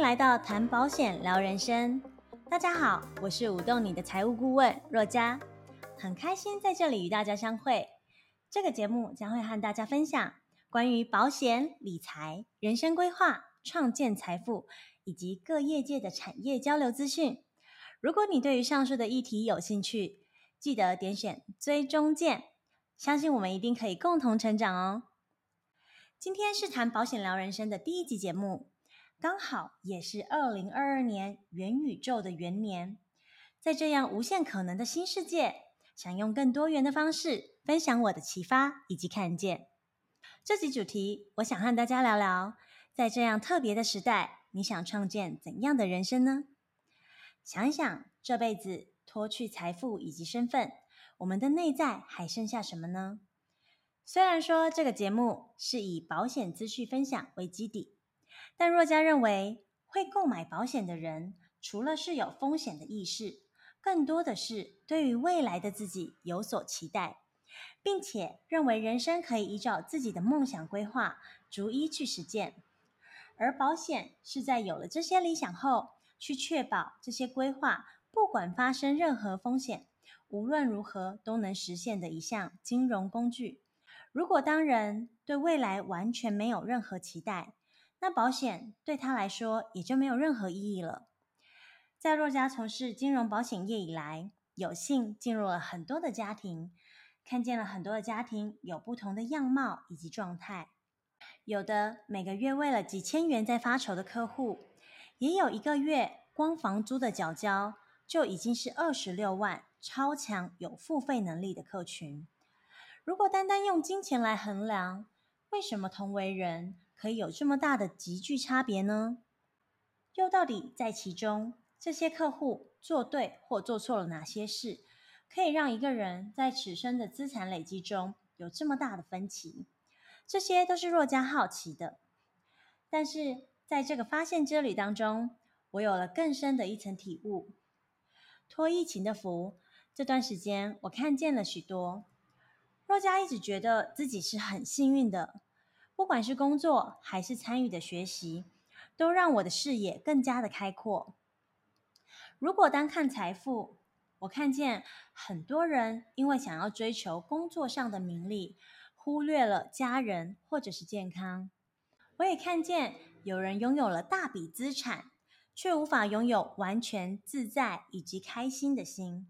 來到談保險聊人生，大家好，我是舞動你的財務顧問若家。很開心在這裡與大家相會。這個節目將會和大家分享關於保險理財、人生規劃、創建財富以及各業界的產業交流資訊。如果你對於上述的議題有興趣，記得點選追蹤鍵，相信我們一定可以共同成長哦。今天是談保險聊人生的第一集節目。剛好也是二零二二年元宇宙的元年，在這樣無限可能的新世界，想用更多元的方式分享我的啟發以及看見。這集主題，我想和大家聊聊，在這樣特別的時代，你想創建怎樣的人生呢？想一想這輩子脫去財富以及身份，我們的內在還剩下什麼呢？雖然說這個節目是以保險資訊分享為基底。但若家認為，會購買保險的人，除了是有風險的意識，更多的是對於未來的自己有所期待，並且認為人生可以依照自己的夢想規劃，逐一去實踐。而保險是在有了這些理想後，去確保這些規劃不管發生任何風險，無論如何都能實現的一項金融工具。如果當人對未來完全沒有任何期待，那保險對他來說也就沒有任何意義了。在若家從事金融保險業以來，有幸進入了很多的家庭，看見了很多的家庭有不同的樣貌以及狀態。有的每個月為了幾千元在發愁的客戶，也有一個月光房租的繳交就已經是二十六萬超強有付費能力的客群。如果單單用金錢來衡量，為什麼同為人，可以有這麼大的急劇差別呢？又到底在其中，這些客戶做對或做錯了哪些事，可以讓一個人在此生的資產累積中有這麼大的分歧？這些都是若家好奇的。但是在這個發現之旅當中，我有了更深的一層體悟。托疫情的福，這段時間我看見了許多。若家一直覺得自己是很幸運的。不管是工作還是參與的學習，都讓我的視野更加的開闊。如果單看財富，我看見很多人因為想要追求工作上的名利，忽略了家人或者是健康。我也看見有人擁有了大筆資產，卻無法擁有完全自在以及開心的心。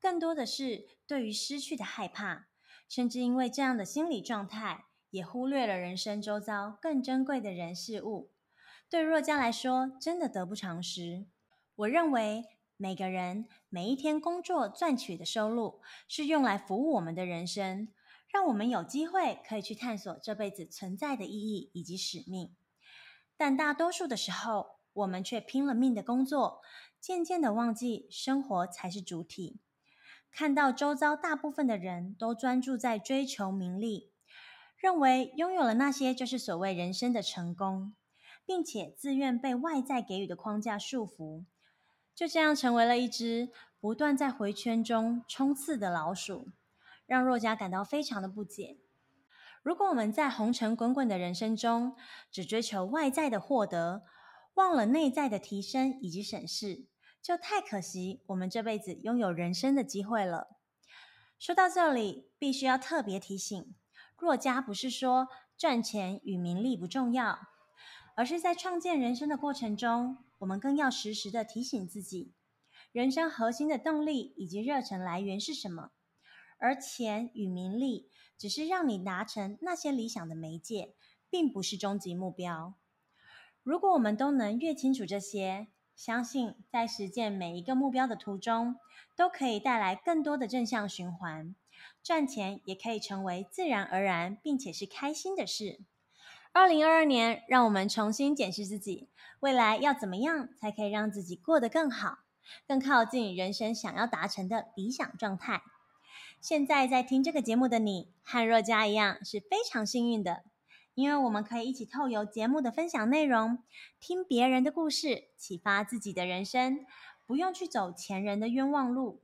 更多的是對於失去的害怕，甚至因為這樣的心理狀態，也忽略了人生周遭更珍貴的人事物。對若家來說，真的得不償失。我認為每個人每一天工作賺取的收入，是用來服務我們的人生，讓我們有機會可以去探索這輩子存在的意義以及使命。但大多數的時候，我們卻拼了命的工作，漸漸的忘記生活才是主體。看到周遭大部分的人都專注在追求名利。認為擁有了那些就是所謂人生的成功，並且自願被外在給予的框架束縛，就這樣成為了一隻不斷在回圈中沖刺的老鼠，讓若家感到非常的不解。如果我們在紅塵滾滾的人生中只追求外在的獲得，忘了內在的提升以及審視，就太可惜我們這輩子擁有人生的機會了。說到這裡，必須要特別提醒。若家不是說賺錢與名利不重要，而是在創建人生的過程中，我們更要時時的提醒自己，人生核心的動力以及熱忱來源是什麼？而錢與名利只是讓你達成那些理想的媒介，並不是終極目標。如果我們都能越清楚這些，相信在實踐每一個目標的途中，都可以帶來更多的正向循環。賺錢也可以成為自然而然，並且是開心的事。二零二二年，讓我們重新檢視自己，未來要怎麼樣才可以讓自己過得更好，更靠近人生想要達成的理想狀態。現在在聽這個節目的你，和若家一樣是非常幸運的，因為我們可以一起透由節目的分享內容，聽別人的故事，啟發自己的人生，不用去走前人的冤枉路。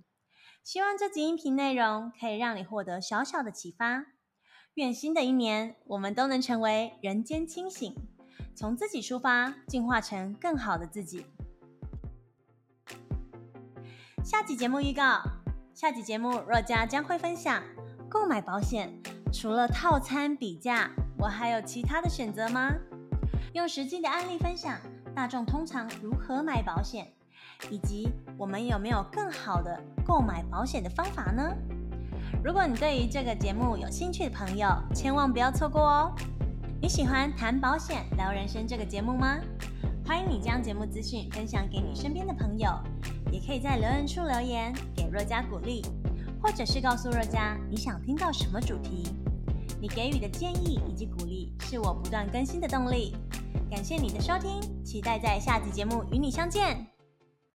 希望這集音頻內容可以讓你獲得小小的啟發，願新的一年我們都能成為人間清醒，從自己出發，進化成更好的自己。下集節目預告：下集節目若家將會分享購買保險，除了套餐比價，我還有其他的選擇嗎？用實際的案例分享大眾通常如何買保險。以及我們有沒有更好的購買保險的方法呢？如果你對於這個節目有興趣的朋友，千萬不要錯過哦！你喜歡談保險聊人生這個節目嗎？歡迎你將節目資訊分享給你身邊的朋友，也可以在留言處留言給若家鼓勵，或者是告訴若家你想聽到什麼主題。你給予的建議以及鼓勵是我不斷更新的動力。感謝你的收聽，期待在下集節目與你相見。